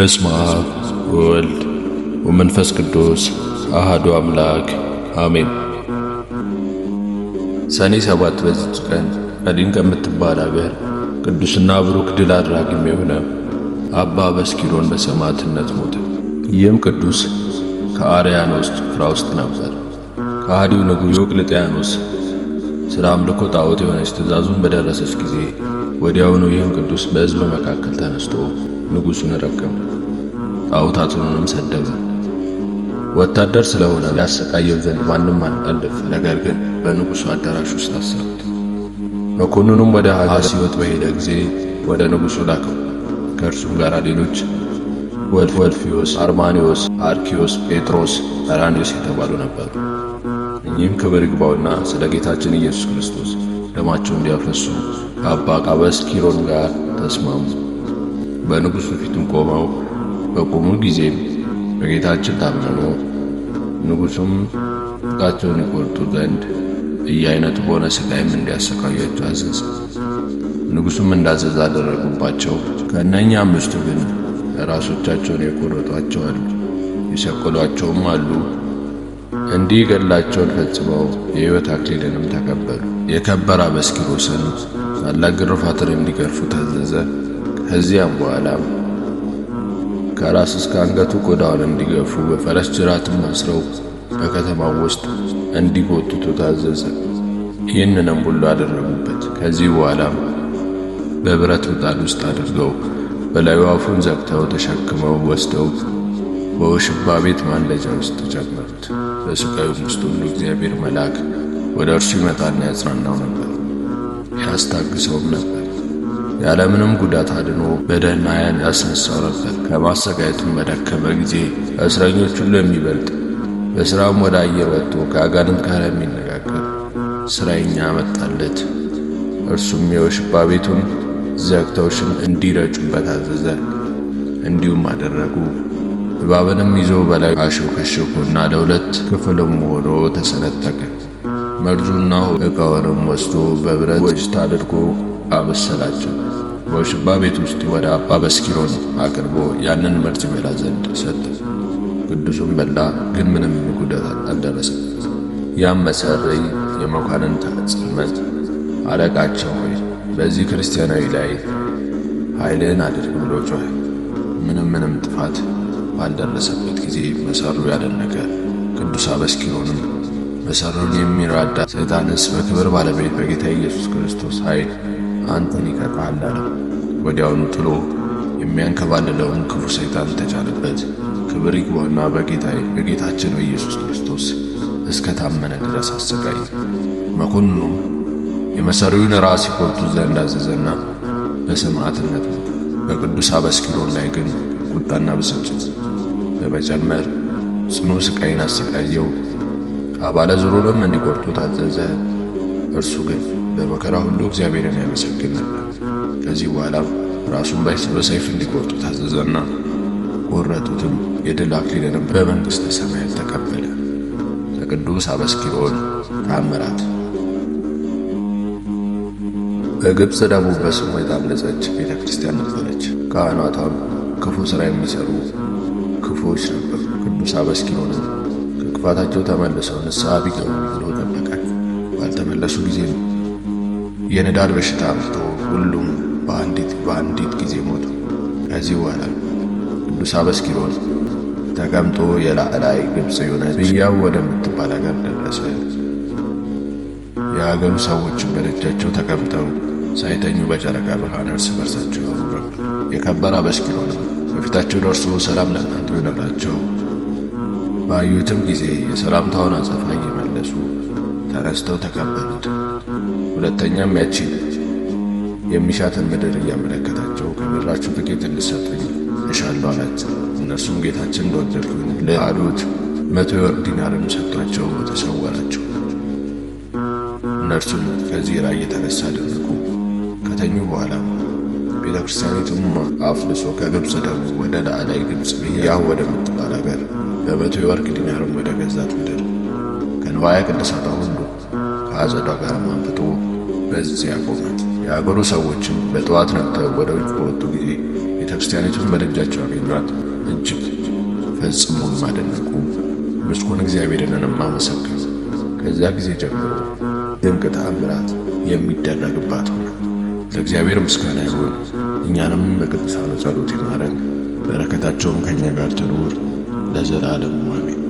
በስመ አብ ወወልድ ወመንፈስ ቅዱስ አሃዱ አምላክ አሜን። ሰኔ ሰባት በዚች ቀን ቀዲን ከምትባል አገር ቅዱስና ብሩክ ድል አድራጊም የሆነ አባ በስኪሮን በሰማዕትነት ሞተ። ይህም ቅዱስ ከአርያኖስ ጭፍራ ውስጥ ነበር። ከሃዲው ንጉሥ ዲዮቅልጥያኖስ ስለ አምልኮ ጣዖት የሆነች ትእዛዙን በደረሰች ጊዜ ወዲያውኑ ይህም ቅዱስ በሕዝብ መካከል ተነስቶ ንጉሡን ረገመ፣ ጣዖታቱንም ሰደበ። ወታደር ስለሆነ ሊያሰቃየው ዘንድ ማንም አልጠልፍ። ነገር ግን በንጉሡ አዳራሽ ውስጥ አሰሩት። መኮንኑም ወደ ሀገር ሲወጥ በሄደ ጊዜ ወደ ንጉሡ ላከው። ከእርሱም ጋር ሌሎች ወልፊዮስ፣ አርማኒዎስ፣ አርኪዮስ፣ ጴጥሮስ፣ አራኒዮስ የተባሉ ነበሩ። እኚህም ክብር ይግባውና ስለ ጌታችን ኢየሱስ ክርስቶስ ደማቸው እንዲያፈሱ ከአባ ቃበስ ኪሮን ጋር ተስማሙ። በንጉሡ ፊትም ቆመው በቆሙ ጊዜ በጌታችን ታመኑ። ንጉሡም ጥቃቸውን ይቆርጡ ዘንድ በየአይነቱ በሆነ ስቃይም እንዲያሰቃያቸው አዘዘ። ንጉሡም እንዳዘዘ አደረጉባቸው። ከእነኛ አምስቱ ግን ራሶቻቸውን የቆረጧቸው አሉ፣ የሰቀሏቸውም አሉ። እንዲህ ገድላቸውን ፈጽመው የሕይወት አክሊልንም ተቀበሉ። የከበረ አበስኪሮስን ታላቅ ግርፋትን እንዲገርፉ ታዘዘ። ከዚያም በኋላ ከራስ እስከ አንገቱ ቆዳውን እንዲገፉ በፈረስ ጅራትም አስረው በከተማው ውስጥ እንዲጎትቱ ታዘዘ። ይህንንም ሁሉ አደረጉበት። ከዚህ በኋላ በብረት ምጣድ ውስጥ አድርገው በላዩ አፉን ዘግተው ተሸክመው ወስደው በውሽባ ቤት ማለጃ ውስጥ ተጨመሩት። በስቃዩም ውስጥ ሁሉ እግዚአብሔር መልአክ ወደ እርሱ ይመጣና ያጽናናው ነበር፣ ያስታግሰውም ነበር። ያለምንም ጉዳት አድኖ በደህናያን ያስነሳው ነበር። ከማሰቃየቱም በደከመ ጊዜ ሁሉ ለሚበልጥ በሥራም ወደ አየር ወጥቶ ከአጋንንት ጋር የሚነጋገር ስራኛ መጣለት። እርሱም የውሽባ ቤቱን ዘግተው ሽም እንዲረጩበት አዘዘ። እንዲሁም አደረጉ። እባብንም ይዞ በላይ አሾከሾኩና ለሁለት ክፍልም ሆኖ ተሰነጠቀ። መርዙና ዕቃውንም ወስዶ በብረት ወጭት አድርጎ አበሰላቸው። በውሽባ ቤት ውስጥ ወደ አባ በስኪሮን አቅርቦ ያንን ምርት ይበላ ዘንድ ሰጠ። ቅዱሱም በላ፣ ግን ምንም ጉዳት አልደረሰም። ያም መሰረይ የመኳንን ጽሕመት አለቃቸው ሆይ በዚህ ክርስቲያናዊ ላይ ኃይልህን አድርግ ብሎ ጮኸ። ምንም ምንም ጥፋት ባልደረሰበት ጊዜ መሰሩ ያደነቀ ቅዱስ አበስኪሮንም መሰሩን የሚራዳ ሰይጣንስ በክብር ባለቤት በጌታ ኢየሱስ ክርስቶስ ኃይል አንተን ይቀጣል ወዲያውኑ ጥሎ የሚያንከባልለውን ክፉ ሰይጣን ተጫነበት። ክብር ይግባውና በጌታችን በኢየሱስ ክርስቶስ እስከ ታመነ ድረስ አሰቃይ። መኮንኑ የመሰሪውን ራስ ይቆርጡ ዘንድ አዘዘና በሰማዕትነት በቅዱስ አበስኪሮን ላይ ግን ቁጣና ብስጭት በመጨመር ጽኑ ስቃይን አሰቃየው። አባለ ዘሩንም እንዲቆርጡ ታዘዘ። እርሱ ግን በመከራ ሁሉ እግዚአብሔርን ያመሰግናል። ከዚህ በኋላ ራሱን በሰይፍ እንዲቆርጡ ታዘዘና ቆረጡትም። የድል አክሊልንም በመንግሥተ ሰማያት ተቀበለ። ከቅዱስ አበስኪሮን ተአምራት በግብፅ ደግሞ በስሙ የታነጸች ቤተ ክርስቲያን ነበረች። ካህናቷም ክፉ ሥራ የሚሰሩ ክፉዎች ነበሩ። ቅዱስ አበስኪሮን ከክፋታቸው ተመልሰው ንስሐ ቢገቡ ብሎ ጠበቃቸው። ባልተመለሱ ጊዜ ነው የንዳድ በሽታ አፍቶ ሁሉም በአንዲት በአንዲት ጊዜ ሞቱ። ከዚህ በኋላ ቅዱስ አበስኪሮን ተቀምጦ የላዕላይ ግብፅ የሆነች ብያው ወደምትባል አገር ደረሰ። የአገሩ ሰዎችን በደጃቸው ተቀምጠው ሳይተኙ በጨረቃ ብርሃን እርስ በርሳቸው ያወሩ። የከበረ በፊታቸው ደርሶ ሰላም ለእናንተ ይነግራቸው ባዩትም ጊዜ የሰላምታውን አጸፋ እየመለሱ ተነስተው ተቀበሉት። ሁለተኛም ያቺን የሚሻትን ምድር እያመለከታቸው ከምድራችሁ ጥቂት እንድሰጡኝ እሻለሁ አላቸው። እነርሱም ጌታችን እንደወደድኩኝ ለአሉት መቶ የወርቅ ዲናርም ሰጥቷቸው ተሰወራቸው። እነርሱም ከዚህ ራእይ የተነሳ ደነቁ። ከተኙ በኋላ ቤተ ክርስቲያኒቱም አፍልሶ ከግብፅ ደግሞ ወደ ላዕላይ ግብፅ ያው ወደ ምትባል አገር በመቶ የወርቅ ዲናርም ወደ ገዛት ምድር ከንዋየ ቅድሳት አሁን ከአጸዷ ጋር አምጥቶ በዚያ ቆመት። የአገሩ ሰዎችም በጠዋት ነጥተው ወደ ውጭ በወጡ ጊዜ ቤተ ክርስቲያኒቱን በደጃቸው አገኟት። እጅግ ፈጽሞም አደነቁ፣ ምስጉን እግዚአብሔርንም አመሰገኑ። ከዚያ ጊዜ ጀምሮ ድንቅ ተአምራት የሚደረግባት ሆነ። ለእግዚአብሔር ምስጋና ይሁን። እኛንም በቅዱሳኑ ጸሎት ይማረን፣ በረከታቸውም ከእኛ ጋር ትኑር ለዘላለም አሜን።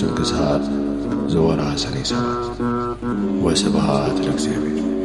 ስንክሳር زورها سليسات وسبها لك سيبيل.